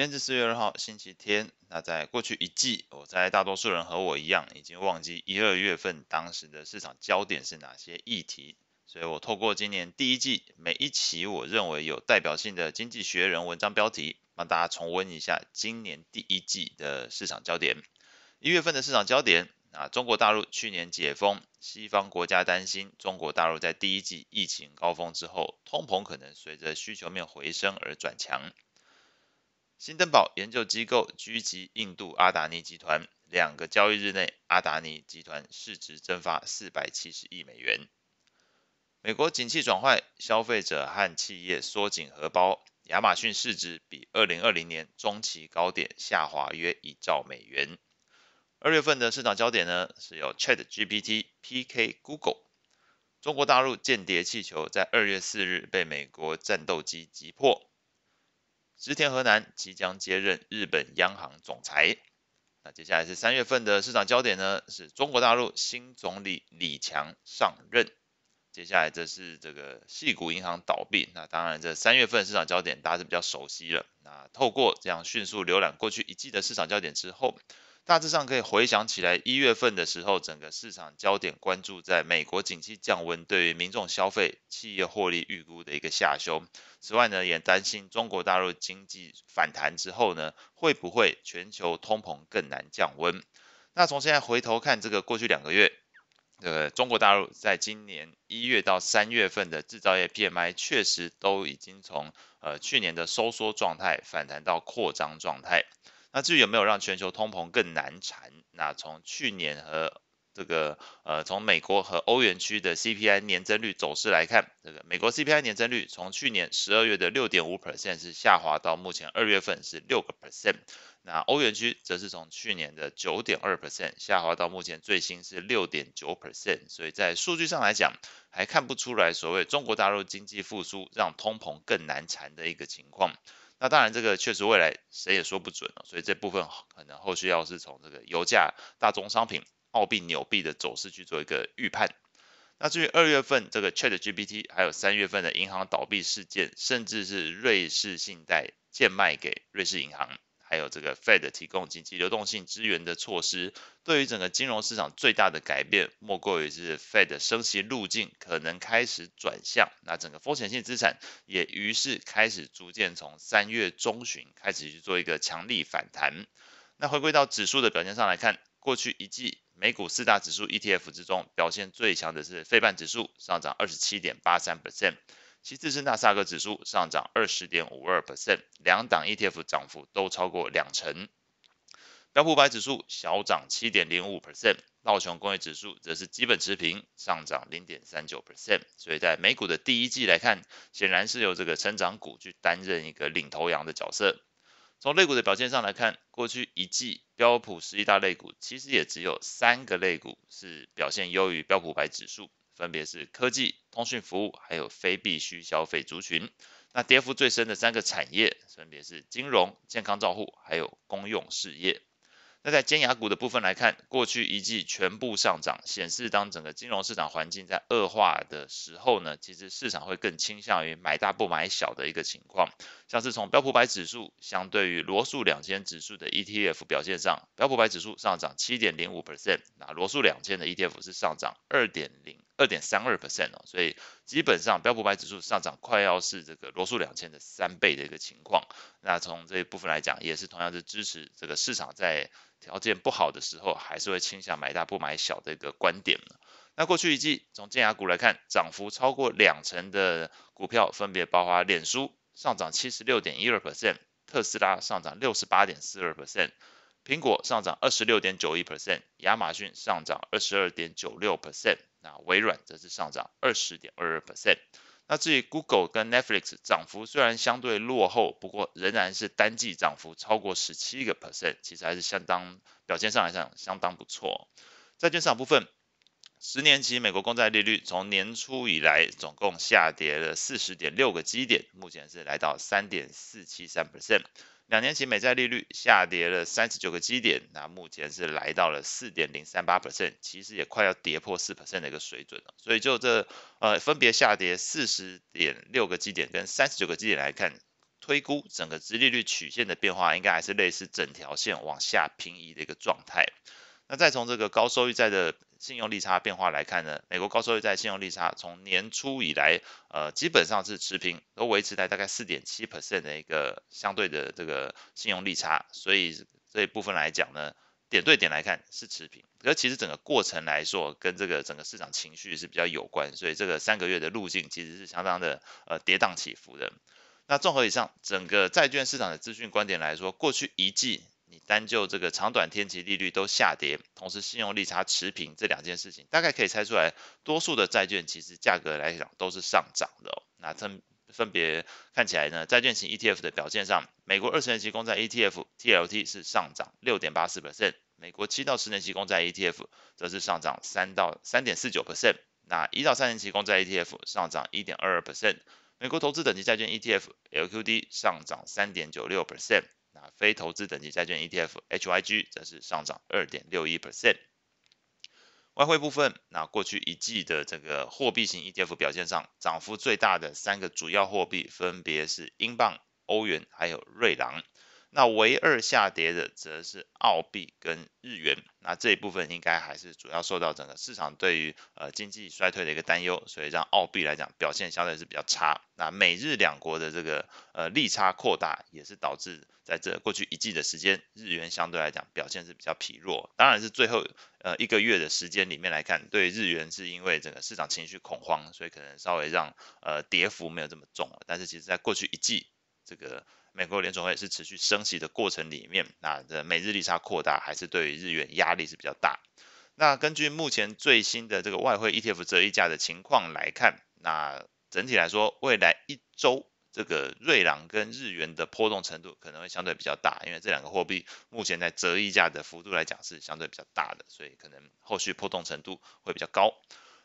今天是四月二號，星期天。那在過去一季，我猜大多數人和我一樣，已經忘記一二月份當時的市場焦點是哪些議題。所以我透過今年第一季每一期我認為有代表性的《經濟學人》文章標題，幫大家重溫一下今年第一季的市場焦點。一月份的市場焦點，啊，中國大陸去年解封，西方國家擔心中國大陸在第一季疫情高峰之後，通膨可能隨着需求面回升而轉強。興登堡研究機構狙擊印度阿達尼集團，兩個交易日內，阿達尼集團市值蒸發四百七十億美元。美國景氣轉壞，消費者和企業縮緊荷包，亞馬遜市值比二零二零年中期高點下滑約一兆美元。二月份的市場焦點呢，是由 ChatGPT PK Google。中國大陸間諜氣球在二月四日被美國戰鬥機擊破。植田和男即將接任日本央行總裁。那接下來是三月份的市場焦點呢？是中國大陸新總理李強上任。接下來這是這個矽谷銀行倒閉。那當然，這三月份市場焦點大家是比較熟悉了。那透過這樣迅速瀏覽過去一季的市場焦點之後。大致上可以回想起來，一月份的時候，整個市場焦點關注在美國景氣降溫對於民眾消費、企業獲利預估的一個下修。此外呢，也擔心中國大陸經濟反彈之後呢，會不會全球通膨更難降溫？那從現在回頭看，這個過去兩個月，這個中國大陸在今年一月到三月份的製造業 PMI 確實都已經從呃去年的收縮狀態反彈到擴張狀態。那至於有沒有讓全球通膨更難纏？那從去年和這個呃，從美國和歐元區的 CPI 年增率走勢來看，這個美國 CPI 年增率從去年十二月的六點五 percent 是下滑到目前二月份是六個 percent。那歐元區則是從去年的九點二 percent 下滑到目前最新是六點九 percent。所以在數據上來講，還看不出來所謂中國大陸經濟復甦讓通膨更難纏的一個情況。那當然，這個確實未來誰也說不準了哦，所以這部分可能後續要是從這個油價、大宗商品、澳幣、紐幣的走勢去做一個預判。那至於二月份這個 ChatGPT，還有三月份的銀行倒閉事件，甚至是瑞士信貸賤賣給瑞士銀行。還有這個 Fed 提供緊急流動性支援的措施，對於整個金融市場最大的改變，莫過於是 Fed 升息路徑可能開始轉向。那整個風險性資產也於是開始逐漸從三月中旬開始去做一個強力反彈。那回歸到指數的表現上來看，過去一季美股四大指數 ETF 之中，表現最強的是費半指數，上漲二十七點八三 percent。其次是納斯達克指數上漲二十點五二百分，兩檔 ETF 漲幅都超過兩成，標普五百指數小漲七點零五百分，道瓊工業指數則是基本持平，上漲零點三九百分。所以在美股的第一季來看，顯然是由這個成長股去擔任一個領頭羊的角色。從類股的表現上來看，過去一季標普十一大類股其實也只有三個類股是表現優於標普五百指數。分別是科技、通訊服務，還有非必需消費族群。那跌幅最深的三個產業，分別是金融、健康照護，還有公用事業。那在尖牙股的部分來看，過去一季全部上漲，顯示當整個金融市場環境在惡化的時候呢，其實市場會更傾向於買大不買小的一個情況。像是從標普百指數相對於羅素兩千指數的 ETF 表現上，標普百指數上漲七點零五 percent，那羅素兩千的 ETF 是上漲二點零。二點三二 percent 所以基本上標普五百指數上漲快要是這個羅素兩千的三倍的一個情況。那從這一部分來講，也是同樣是支持這個市場在條件不好的時候，還是會傾向買大不買小的一個觀點。那過去一季從尖牙股來看，漲幅超過兩成的股票分別包括臉書上漲七十六點一二 percent，特斯拉上漲六十八點四二 percent，蘋果上漲二十六點九一 percent，亞馬遜上漲二十二點九六 percent。那微軟則是上漲二十點二二 percent，那至於 Google 跟 Netflix，漲幅雖然相對落後，不過仍然是單季漲幅超過十七個 percent，其實還是相當表現上來講相當不錯。債券市場部分，十年期美國公債利率從年初以來總共下跌了四十點六個基點，目前是來到三點四七三 percent。兩年期美債利率下跌了三十九個基點，那目前是來到了四點零三八 percent，其實也快要跌破四 percent 的一個水準了。所以就這呃分別下跌四十點六個基點跟三十九個基點來看，推估，整個殖利率曲線的變化應該還是類似整條線往下平移的一個狀態。那再從這個高收益債的，信用利差變化來看呢，美國高收益債信用利差從年初以來，呃，基本上是持平，都維持在大概四點七 percent 的一個相對的這個信用利差，所以這一部分來講呢，點對點來看是持平，而其實整個過程來說，跟這個整個市場情緒是比較有關，所以這個三個月的路徑其實是相當的呃跌宕起伏的。那綜合以上整個債券市場的資訊觀點來說，過去一季。單就這個長短天期利率都下跌，同時信用利差持平這兩件事情，大概可以猜出來，多數的債券其實價格來講都是上漲的哦。那分分別看起來呢，債券型 ETF 的表現上，美國二十年期公債 ETF TLT 是上漲六點八四%，美國七到十年期公債 ETF 則是上漲三到三點四九%，那一到三年期公債 ETF 上漲一點二二%，美國投資等級債券 ETF LQD 上漲三點九六%非投資等級債券 ETF HYG 則是上漲二點六一 percent。外匯部分，那過去一季的這個貨幣型 ETF 表現上，漲幅最大的三個主要貨幣分別是英鎊、歐元還有瑞郎。那唯二下跌的則是澳幣跟日元，那這一部分應該還是主要受到整個市場對於呃經濟衰退的一個擔憂，所以讓澳幣來講表現相對是比較差。那美日兩國的這個呃利差擴大，也是導致在這過去一季的時間，日元相對來講表現是比較疲弱。當然是最後呃一個月的時間裡面來看，對日元是因為整個市場情緒恐慌，所以可能稍微讓呃跌幅沒有這麼重。但是其實在過去一季。這個美國聯儲會是持續升息的過程裡面，那的美日利差擴大，還是對於日元壓力是比較大。那根據目前最新的這個外匯 ETF 折溢價的情況來看，那整體來說，未來一周這個瑞郎跟日元的波動程度可能會相對比較大，因為這兩個貨幣目前在折溢價的幅度來講是相對比較大的，所以可能後續波動程度會比較高。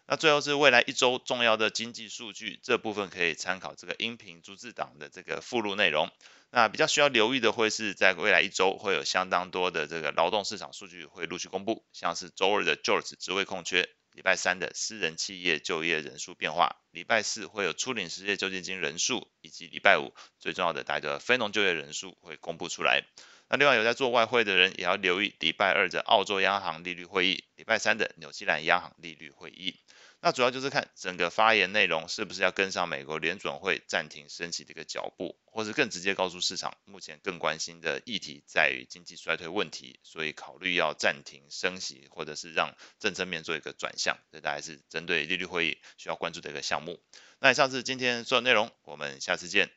那最後是未來一周重要的經濟數據，這部分可以參考這個音頻逐字檔的這個附錄內容。那比較需要留意的會是在未來一周會有相當多的這個勞動市場數據會陸續公布，像是周二的 JOLTS 職位空缺。禮拜三的私人企業就業人數變化，禮拜四會有初領失業救濟金人數，以及禮拜五最重要的大家非農就業人數會公布出來。那另外有在做外匯的人也要留意禮拜二的澳洲央行利率會議，禮拜三的紐西蘭央行利率會議。那主要就是看整個發言內容是不是要跟上美國聯準會暫停升息的一個腳步，或是更直接告訴市場，目前更關心的議題在於經濟衰退問題，所以考慮要暫停升息，或者是讓政策面做一個轉向，這大概是針對利率會議需要關注的一個項目。那以上是今天所有內容，我們下次見。